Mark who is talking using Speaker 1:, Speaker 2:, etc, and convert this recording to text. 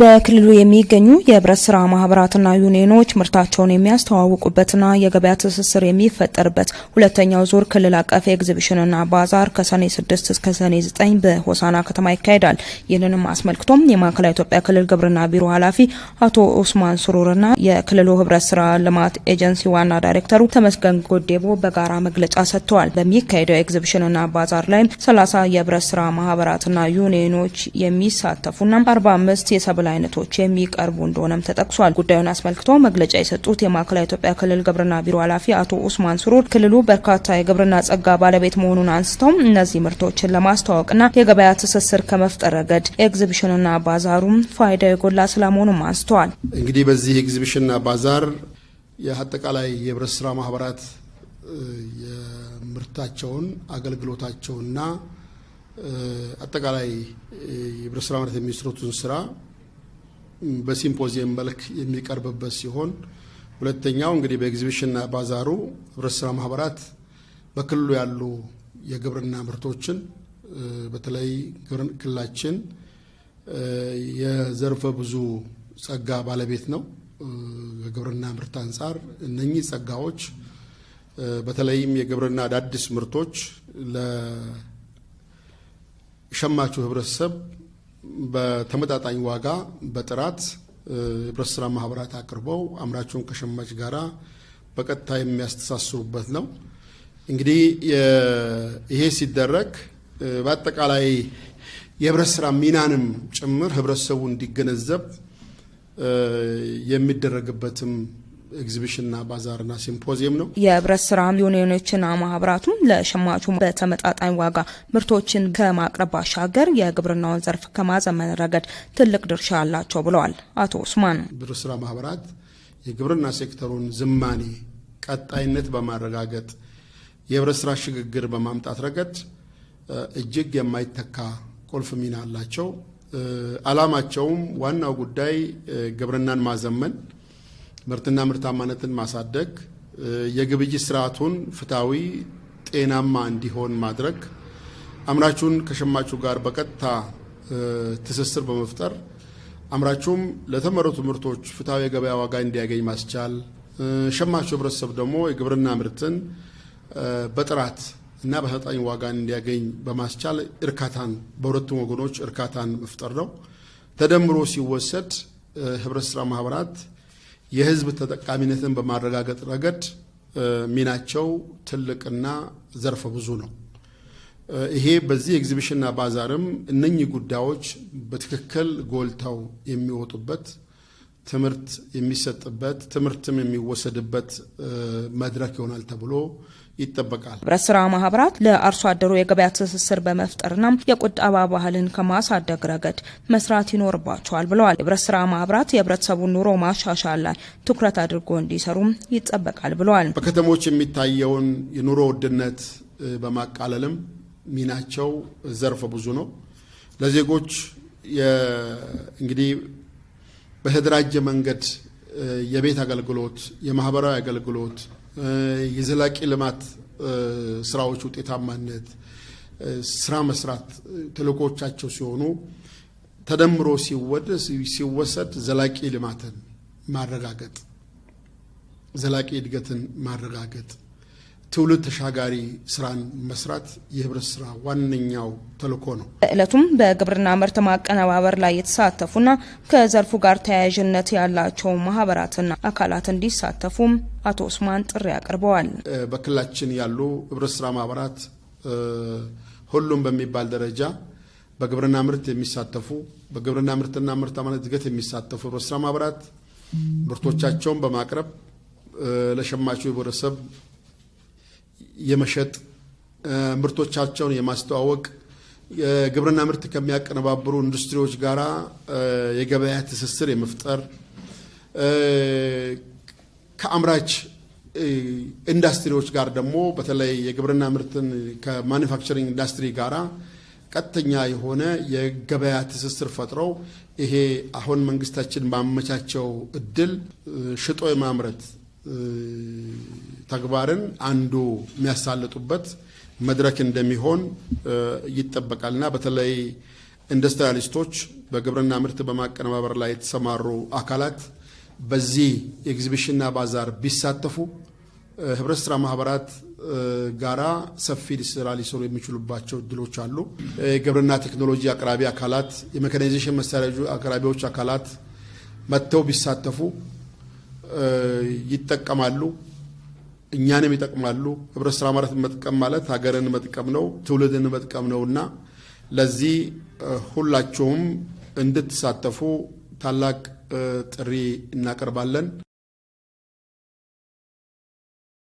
Speaker 1: በክልሉ የሚገኙ የህብረት ስራ ማህበራትና ዩኒየኖች ምርታቸውን የሚያስተዋውቁበትና የገበያ ትስስር የሚፈጠርበት ሁለተኛው ዙር ክልል አቀፍ ኤግዚቢሽንና ባዛር ከሰኔ ስድስት እስከ ሰኔ ዘጠኝ በሆሳና ከተማ ይካሄዳል። ይህንንም አስመልክቶም የማዕከላዊ ኢትዮጵያ ክልል ግብርና ቢሮ ኃላፊ አቶ ኡስማን ስሩርና የክልሉ ህብረት ስራ ልማት ኤጀንሲ ዋና ዳይሬክተሩ ተመስገን ጎዴቦ በጋራ መግለጫ ሰጥተዋል። በሚካሄደው ኤግዚቢሽንና ባዛር ላይም ሰላሳ የህብረት ስራ ማህበራትና ዩኒየኖች የሚሳተፉና አርባ አምስት የሰ የሰብል አይነቶች የሚቀርቡ እንደሆነም ተጠቅሷል። ጉዳዩን አስመልክቶ መግለጫ የሰጡት የማዕከላዊ ኢትዮጵያ ክልል ግብርና ቢሮ ኃላፊ አቶ ኡስማን ስሩር ክልሉ በርካታ የግብርና ጸጋ ባለቤት መሆኑን አንስተው እነዚህ ምርቶችን ለማስተዋወቅና የገበያ ትስስር ከመፍጠር ረገድ ኤግዚቢሽንና ባዛሩም ፋይዳ የጎላ ስለመሆኑም አንስተዋል።
Speaker 2: እንግዲህ በዚህ ኤግዚቢሽንና ባዛር የአጠቃላይ የህብረት ስራ ማህበራት የምርታቸውን አገልግሎታቸውና አጠቃላይ የህብረት ስራ ማለት የሚስሩትን ስራ በሲምፖዚየም መልክ የሚቀርብበት ሲሆን ሁለተኛው እንግዲህ በኤግዚቢሽንና ባዛሩ ህብረት ስራ ማህበራት በክልሉ ያሉ የግብርና ምርቶችን በተለይ ክልላችን የዘርፈ ብዙ ጸጋ ባለቤት ነው። ከግብርና ምርት አንጻር እነኚህ ጸጋዎች በተለይም የግብርና አዳዲስ ምርቶች ለሸማቹ ህብረተሰብ በተመጣጣኝ ዋጋ በጥራት የህብረት ስራ ማህበራት አቅርበው አምራቸውን ከሸማች ጋራ በቀጥታ የሚያስተሳስሩበት ነው። እንግዲህ ይሄ ሲደረግ በአጠቃላይ የህብረት ስራ ሚናንም ጭምር ህብረተሰቡ እንዲገነዘብ የሚደረግበትም ኤግዚቢሽንና ባዛርና ሲምፖዚየም ነው።
Speaker 1: የህብረት ስራ ዩኒዮኖችና ማህበራቱም ለሸማቹ በተመጣጣኝ ዋጋ ምርቶችን ከማቅረብ ባሻገር የግብርናውን ዘርፍ ከማዘመን ረገድ ትልቅ ድርሻ አላቸው ብለዋል አቶ ኡስማን።
Speaker 2: ህብረት ስራ ማህበራት የግብርና ሴክተሩን ዝማኔ ቀጣይነት በማረጋገጥ የህብረት ስራ ሽግግር በማምጣት ረገድ እጅግ የማይተካ ቁልፍ ሚና አላቸው። አላማቸውም ዋናው ጉዳይ ግብርናን ማዘመን ምርትና ምርታማነትን ማሳደግ፣ የግብይት ስርዓቱን ፍትሐዊ፣ ጤናማ እንዲሆን ማድረግ፣ አምራቹን ከሸማቹ ጋር በቀጥታ ትስስር በመፍጠር አምራቹም ለተመረቱ ምርቶች ፍትሐዊ የገበያ ዋጋ እንዲያገኝ ማስቻል፣ ሸማቹ ህብረተሰብ ደግሞ የግብርና ምርትን በጥራት እና በተመጣጣኝ ዋጋ እንዲያገኝ በማስቻል እርካታን በሁለቱም ወገኖች እርካታን መፍጠር ነው። ተደምሮ ሲወሰድ ህብረት ስራ ማህበራት የህዝብ ተጠቃሚነትን በማረጋገጥ ረገድ ሚናቸው ትልቅና ዘርፈ ብዙ ነው። ይሄ በዚህ ኤግዚቢሽንና ባዛርም እነኚህ ጉዳዮች በትክክል ጎልተው የሚወጡበት ትምህርት የሚሰጥበት ትምህርትም የሚወሰድበት መድረክ ይሆናል ተብሎ ይጠበቃል።
Speaker 1: ህብረት ስራ ማህበራት ለአርሶ አደሩ የገበያ ትስስር በመፍጠርና የቁጠባ ባህልን ከማሳደግ ረገድ መስራት ይኖርባቸዋል ብለዋል። የህብረት ስራ ማህበራት የህብረተሰቡን ኑሮ ማሻሻል ላይ ትኩረት አድርጎ እንዲሰሩም ይጠበቃል ብለዋል።
Speaker 2: በከተሞች የሚታየውን የኑሮ ውድነት በማቃለልም ሚናቸው ዘርፈ ብዙ ነው። ለዜጎች እንግዲህ በተደራጀ መንገድ የቤት አገልግሎት፣ የማህበራዊ አገልግሎት የዘላቂ ልማት ስራዎች ውጤታማነት ስራ መስራት ተልእኮቻቸው ሲሆኑ ተደምሮ ሲወሰድ ዘላቂ ልማትን ማረጋገጥ፣ ዘላቂ እድገትን ማረጋገጥ፣ ትውልድ ተሻጋሪ ስራን መስራት የህብረት ስራ ዋነኛው ተልእኮ ነው።
Speaker 1: በእለቱም በግብርና ምርት ማቀነባበር ላይ የተሳተፉና ከዘርፉ ጋር ተያያዥነት ያላቸው ማህበራትና አካላት እንዲሳተፉም አቶ ኡስማን ጥሪ አቅርበዋል።
Speaker 2: በክልላችን ያሉ ህብረት ስራ ማህበራት ሁሉም በሚባል ደረጃ በግብርና ምርት የሚሳተፉ በግብርና ምርትና ምርታማነት እድገት የሚሳተፉ ህብረት ስራ ማህበራት ምርቶቻቸውን በማቅረብ ለሸማቹ ህብረተሰብ የመሸጥ ምርቶቻቸውን የማስተዋወቅ የግብርና ምርት ከሚያቀነባብሩ ኢንዱስትሪዎች ጋራ የገበያ ትስስር የመፍጠር ከአምራች ኢንዱስትሪዎች ጋር ደግሞ በተለይ የግብርና ምርትን ከማኒፋክቸሪንግ ኢንዱስትሪ ጋር ቀጥተኛ የሆነ የገበያ ትስስር ፈጥረው ይሄ አሁን መንግስታችን ባመቻቸው እድል ሽጦ የማምረት ተግባርን አንዱ የሚያሳልጡበት መድረክ እንደሚሆን ይጠበቃልና በተለይ ኢንዱስትሪያሊስቶች በግብርና ምርት በማቀነባበር ላይ የተሰማሩ አካላት በዚህ ኤግዚቢሽንና ባዛር ቢሳተፉ ህብረት ስራ ማህበራት ጋራ ሰፊ ስራ ሊሰሩ የሚችሉባቸው እድሎች አሉ። የግብርና ቴክኖሎጂ አቅራቢ አካላት፣ የሜካናይዜሽን መሳሪያ አቅራቢዎች አካላት መጥተው ቢሳተፉ ይጠቀማሉ፣ እኛንም ይጠቅማሉ። ህብረት ስራ ማህበራት መጥቀም ማለት ሀገርን መጥቀም ነው፣ ትውልድን መጥቀም ነው እና ለዚህ ሁላቸውም እንድትሳተፉ ታላቅ ጥሪ እናቀርባለን።